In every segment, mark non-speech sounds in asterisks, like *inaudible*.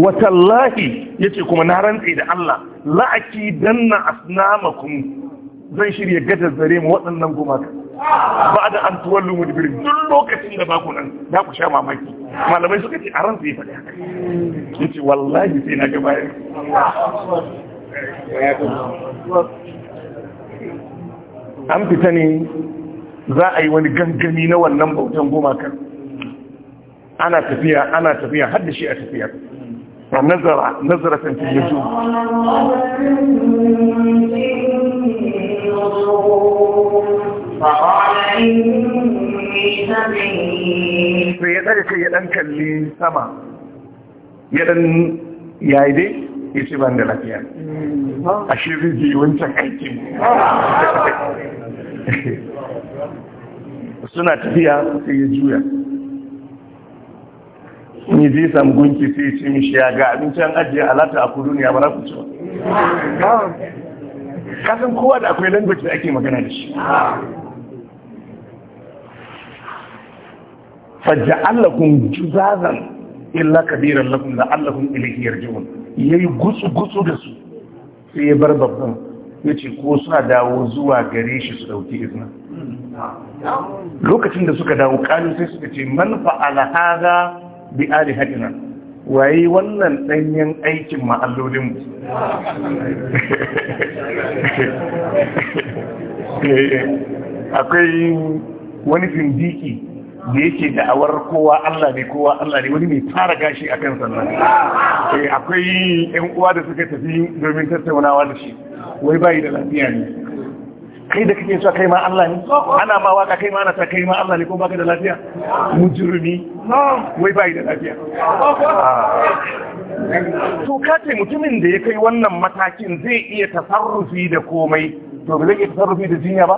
watallahi ce kuma na rantse da Allah la'aki danna asnamakum zan shirya gada zare mu waɗannan gumaka ba da an da mudbirin duk lokacin da baku nan za ku sha mamaki malamai suka ce a rantse ya faɗi haka ce wallahi sai na ga an fita ne za a yi wani gangami na wannan bautan gumakan ana tafiya ana tafiya har da shi a tafiya ونظر نظرة في النجوم فقال فيدرك يدنك اللي سمع يدن يا إيدي ya ce ban da lafiya a shirin ji wancan aikin suna tafiya sai ya juya in yi je samu gunki sai ce mishi ya ga abinci an ajiye alata a kudu ne ya bara ku ci ba kasan kowa da akwai language da ake magana da shi faja'allakum juzazan illa kabiran lakum la'allakum ilayhi yarji'un yayi gutsu gutsu da su sai ya bar babban Ya ce ko suna dawo zuwa gare shi su dauki izna lokacin da suka dawo kalu sai suka ce man fa'ala bi hadina waye wannan danyen aikin ma'allolin mu *laughs* akwai wani zindiki da yake da'awar kowa Allah ne kowa Allah ne wani mai fara gashi a kan sannan eh, akwai 'yan uwa da suka tafi domin tattaunawa da shi wai bayi da lafiya ne kai da kake sa kai ma Allah ne ana ba waka kai ma ana ta kai ma Allah ne ko baka da lafiya mujrimi wai bai da lafiya to kace mutumin da ya kai wannan matakin zai iya tasarrufi da komai to ba zai iya tasarrufi da jinya ba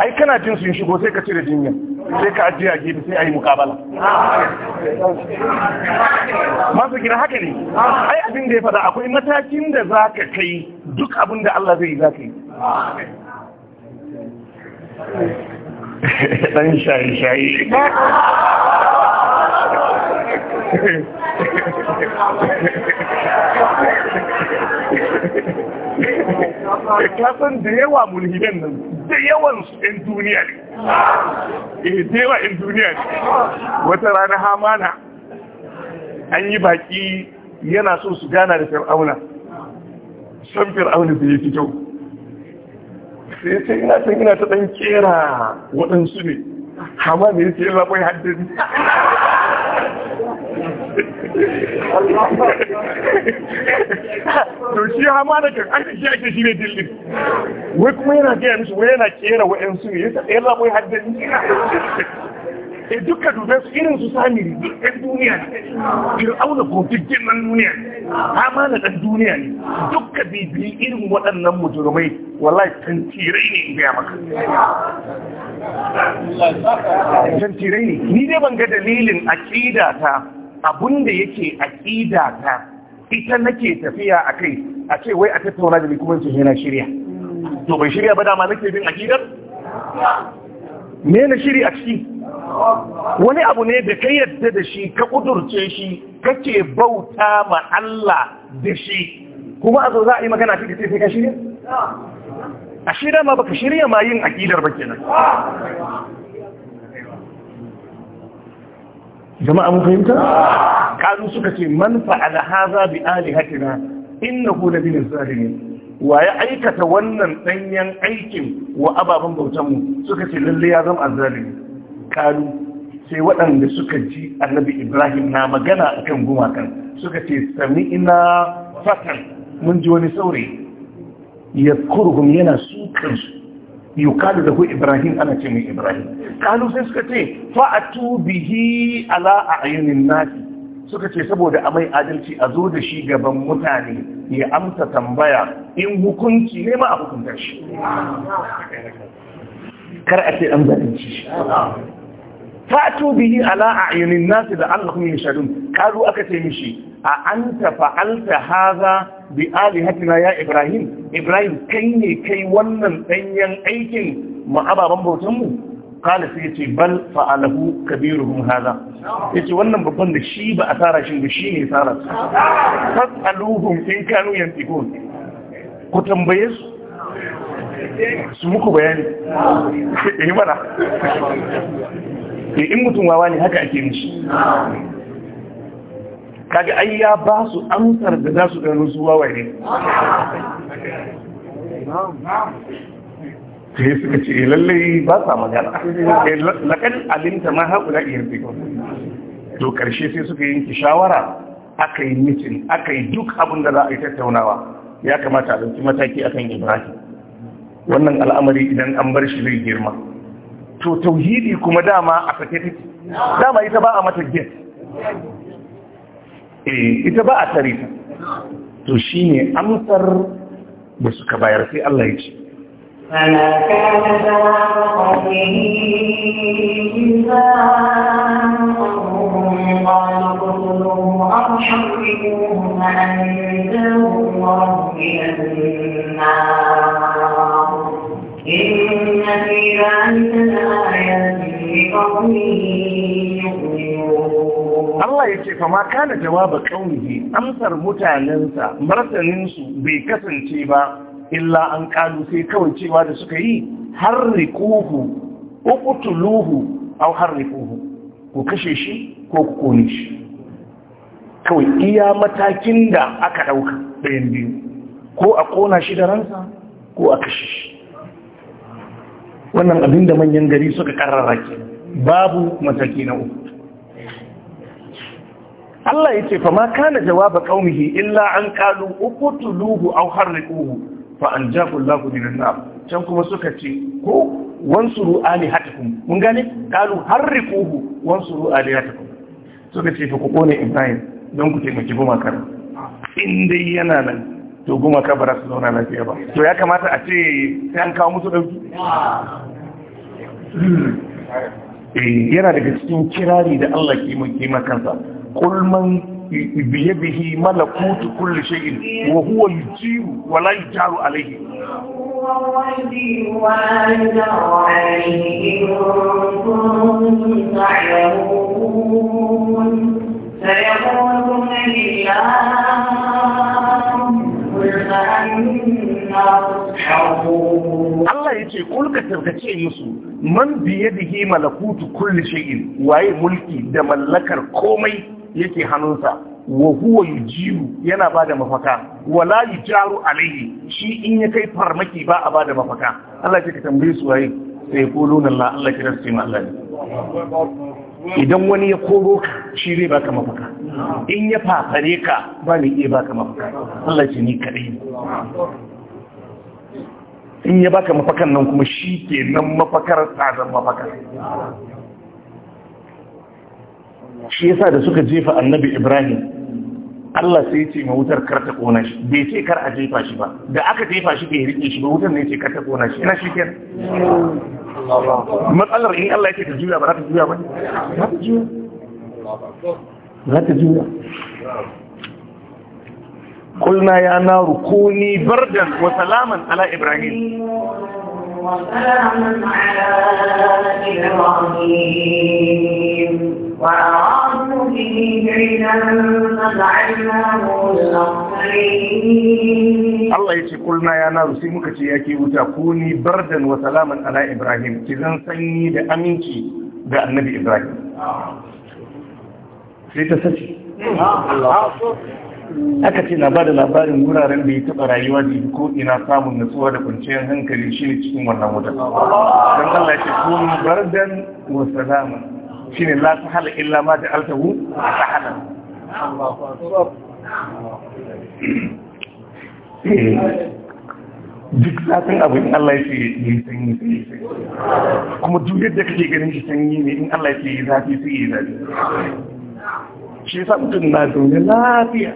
ai kana jin sun shigo sai ka cire jinya sai ka ajiye a sai a yi mukabala masu gina haka ne ai abin da ya fada akwai matakin da za ka kai duk abin da Allah zai za ka yi ɗan *laughs* shayi-shayi kasan *laughs* da yawa mulhidan nan da yawan ɗin duniya ne eh da yawa ɗin duniya ne wata rana hamana an yi baki yana so su gana da fir'auna san fir'auna da ya fito sai ya ce ina can ina ta ɗan kera waɗansu ne hama ne ya ce yana bai haddari to shi hama da kan aka shi ake shi ne dillin wai kuma yana gaya mishi wai yana kera waɗansu ne ya ce ɗaya labai haddari eh dukkan dube su irin su sami ɗan duniya ne fir'auna ko jirgin nan duniya ne na ɗan duniya ne duka irin waɗannan mujurmai wallahi tantirai ne in gaya maka tantirai ne ni da ban ga dalilin aƙida ta abun da yake aƙida ta ita nake tafiya a kai a ce wai a tattauna da ni kuma su na shirya to bai shirya ba dama nake bin aƙidar me na shiri a ciki wani abu ne da ka yadda da shi ka kudurce shi kake bauta ma Allah da shi kuma a zo za a yi magana cikin sai ka shirya a shirya ma baka shirya ma yin akidar ba kenan jama'a mun fahimta kazu suka ce man fa'ala hadha bi alihatina innahu la binin zalimin wa ya aikata wannan danyen aikin wa ababen bautanmu suka ce lalle ya zama azzalimi kalu sai waɗanda suka ji annabi ibrahim na magana a kan gumakan suka ce sami ina fatan mun ji wani saurayi ya kurhun yana sukansu yi kalu da ku ibrahim ana ce mai ibrahim kalu sai suka ce fa'atu bihi ala a ayyunin nasi suka ce saboda amai adalci a zo da shi gaban mutane ya amsa tambaya in hukunci ne ma a hukuntar shi kar a ce an zalunci shi fatu bihi ala a'yunin nasi da allahum yashadun kalu aka ce mishi a anta fa'alta hadha bi alihatina ya ibrahim ibrahim kai ne kai wannan danyen aikin mu ababan bautan mu kala sai yace bal fa'alahu kabiruhum hadha yace wannan babban da shi ba a tsara shi ba shine tsara fasaluhum in kanu yantiqun ku tambaye su su muku bayani *laughs* eh mana E in mutum wawa ne haka ake mishi kaga ai ya ba su amsar da za su gano su wawa ne Ta yi suka ce eh, lallai ba sa magana eh, lakan alinta ma haƙula iya fi to ƙarshe sai suka yanki shawara aka yi mitin aka yi duk abin da za a yi tattaunawa ya kamata a ɗauki mataki akan ibrahim wannan al'amari idan an bar shi zai girma to tauhidi kuma dama a sake take dama ita ba a mata eh, ita ba a tare ta to shi ne amsar da suka bayar sai Allah ya ce ko ni جواب قومه ni قالوا ko ni حرقوه فأنجاه ni بأذنه Allah ya ce, "Fama kana jawaba ƙaunihi, amsar mutanensa, martaninsu bai kasance ba, illa an ƙalu sai kawai cewa da suka yi, har harrikuhu, ukutuluhu, au rikuhu, ku kashe shi ko ku kone shi." Kawai iya matakin da aka ɗauka ɗayan biyu, ko a ƙona shi da ransa, ko a kashe shi. wannan abin da manyan gari suka karara ke babu mataki na uku Allah ya ce fa ma kana jawaba qaumihi illa an qalu uqtuluhu aw harriquhu fa anjaqu Allahu minan nar can kuma suka ce ko wansuru alihatakum mun gane qalu harriquhu wansuru alihatakum suka ce fa ku kone Ibrahim don ku taimaki gumakar in dai yana nan to goma ka bara su zauna lafiya ba to ya kamata a ce an kawo musu dauki. Eh, yana daga cikin kirari da Allah ke mulki makansa kulman biye bihi malakutu kulli shay'in wa huwa yujiru wa la yujaru alayhi سيقولون لله Allah ya ce kulka tarkace musu man biye da hi kutu kulle shi'in waye mulki da mallakar komai yake hannunsa wa huwa jiru yana da mafaka Walayi, yujaru alayhi shi in ya kai farmaki ba a ba da mafaka Allah ya ka tambaye su waye sai kuluna Allah Allah kira su Allah idan wani ya koro ka shi zai baka mafaka in ya fafare ka ba mai iya baka mafaka Allah ce ni kaɗai in ya baka mafakan nan kuma shi ke nan mafakar tsadar mafakar shi yasa da suka jefa annabi ibrahim Allah sai ce ma wutar kar ta kona shi bai ce kar a jefa shi ba da aka jefa shi bai rike shi ba wutar ne ce kar ta kona shi ina shi ke matsalar in Allah yake ta juya ba za ta juya ba ta juya za ta juya kulna ya na rukuni bardan wa salaman ala ibrahim Allah ya ce kulna ya naru sai muka ce ya ke wuta kuni bardan wa salaman ala Ibrahim ki zan sanyi da aminci ga annabi Ibrahim. sai ta sace aka ce na bada labarin wuraren da ya taɓa rayuwa da ko ina samun nutsuwa da kwanciyar hankali shi ne cikin wannan wuta don Allah ce kun bardan wa salama shi ne la ta hala illa ma da altahu a ta hala eh, duk zafin abin Allah ya ce yi sanyi sai sanyi kuma duk yadda kake ganin shi sanyi ne in Allah ya ce yi zafi sai yi zafi shi sa na zaune lafiya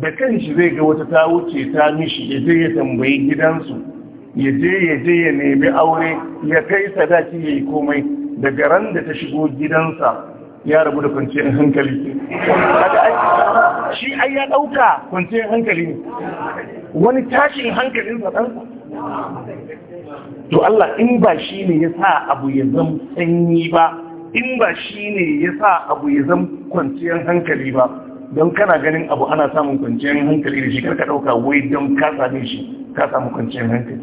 da kan shi zai ga wata ta wuce ta mishi ya je ya tambayi gidansu ya je ya je ya nemi aure ya kai sadaki ya yi komai daga ran da ta shigo gidansa ya rabu da kwanciyar hankali shi ai ya ɗauka kwanciyar hankali ne wani tashin hankalin ɗansa to Allah in ba shi ne ya sa abu ya zama sanyi ba in ba shi ne ya sa abu ya zan kwanciyar hankali ba don kana ganin abu ana samun kwanciyar hankali da shi karka ɗauka wai don ka same shi ka samu kwanciyar hankali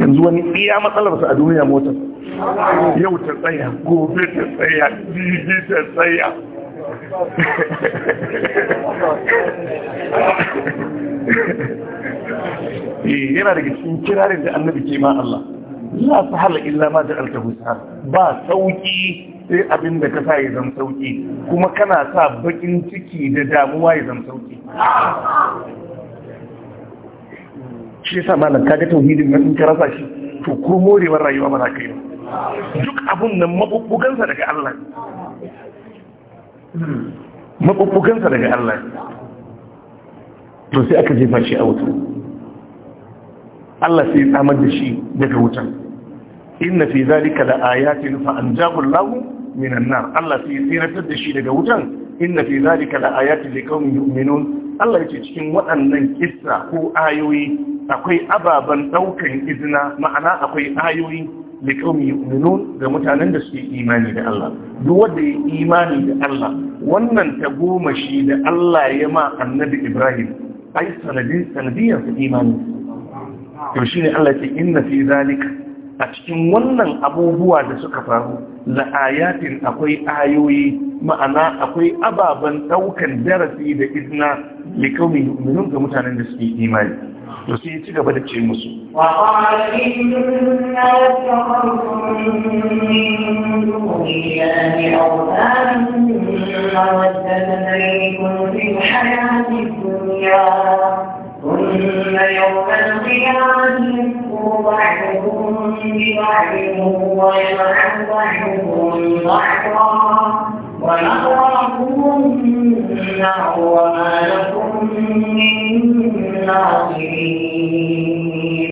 yanzu wani iya matsalarsa a duniya motar yau ta tsaya gobe ta tsaya jiji ta tsaya eh, yana da cikin kirarin da annabi ke ma Allah la sahala illa ma da sahal ba sauki sai abin da ka sa ya zama sauki kuma kana sa bakin ciki da damuwa ya zan sauki shi sa malam kaga tauhidin nan in ka rasa shi to ko morewar rayuwa ba za ka yi duk abun nan mabubbugansa daga Allah mabubbugansa daga Allah to sai aka jefa shi a wuta Allah sai ya samar da shi daga wutan inna fi zalika la ayatin fa anjahu Allahu minan nar Allah sai tsiratar da shi daga wutan inna fi zalika la ayatin liqaumin yu'minun Allah yace cikin waɗannan kissa ko ayoyi akwai ababan daukan izina ma'ana akwai ayoyi liqaumin yu'minun ga mutanen da suke imani da Allah duk wanda ya imani da Allah wannan ta goma shi da Allah ya ma annabi Ibrahim ai sanadin sanadiyar imani to shine Allah ce inna fi zalika a cikin wannan abubuwa da suka faru la'ayatin akwai ayoyi ma'ana akwai ababen daukan darasi da izina li kaumi yu'minun ga mutanen da suke imani to sai ya ci gaba da ce musu wa بضعفهم ويمنع ضعفهم ضعفا لكم من ناصرين